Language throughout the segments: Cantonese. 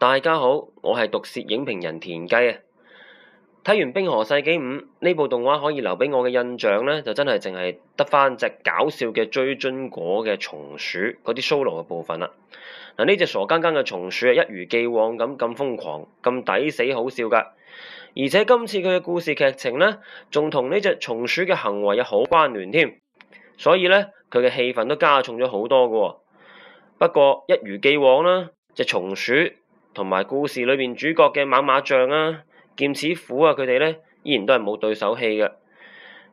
大家好，我係毒舌影評人田雞啊。睇完《冰河世紀五》呢部動畫，可以留俾我嘅印象呢，就真係淨係得返隻搞笑嘅追樽果嘅松鼠嗰啲 solo 嘅部分啦。嗱，呢隻傻更更嘅松鼠啊，一如既往咁咁瘋狂、咁抵死，好笑㗎。而且今次佢嘅故事劇情呢，仲同呢隻松鼠嘅行為有好關聯添，所以呢，佢嘅氣氛都加重咗好多嘅喎。不過一如既往啦，隻松鼠。同埋故事裏面主角嘅猛馬將啊、劍齒虎啊，佢哋咧依然都係冇對手戲嘅，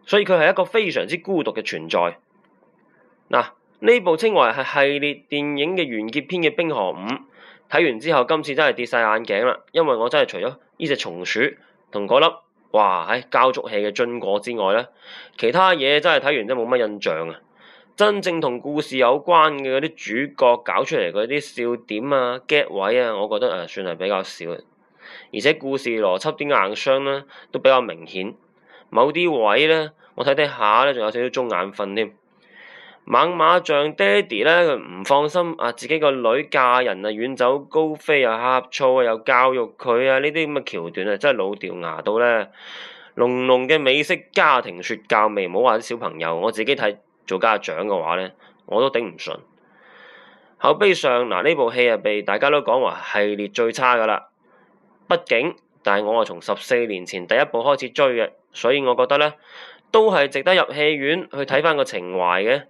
所以佢係一個非常之孤獨嘅存在。嗱、啊，呢部稱為係系列電影嘅完結篇嘅《冰河五》，睇完之後今次真係跌晒眼鏡啦，因為我真係除咗呢隻松鼠同嗰粒哇喺交足戲嘅榛果之外咧，其他嘢真係睇完都冇乜印象啊。真正同故事有關嘅嗰啲主角搞出嚟嗰啲笑點啊、get 位啊，我覺得誒、啊、算係比較少，而且故事邏輯啲硬傷呢都比較明顯。某啲位呢，我睇睇下呢，仲有少少中眼瞓添。猛馬象爹哋呢，佢唔放心啊，自己個女嫁人啊，遠走高飛啊，呷醋，啊，又教育佢啊，呢啲咁嘅橋段啊，真係老掉牙到呢。濃濃嘅美式家庭説教味，唔好話啲小朋友，我自己睇。做家長嘅話呢，我都頂唔順。口碑上嗱，呢部戲就被大家都講話系列最差噶啦。畢竟，但係我係從十四年前第一部開始追嘅，所以我覺得呢，都係值得入戲院去睇翻個情懷嘅。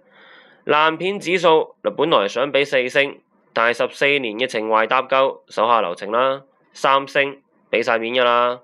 爛片指數，本來想俾四星，但係十四年嘅情懷搭救，手下留情啦，三星俾晒面㗎啦。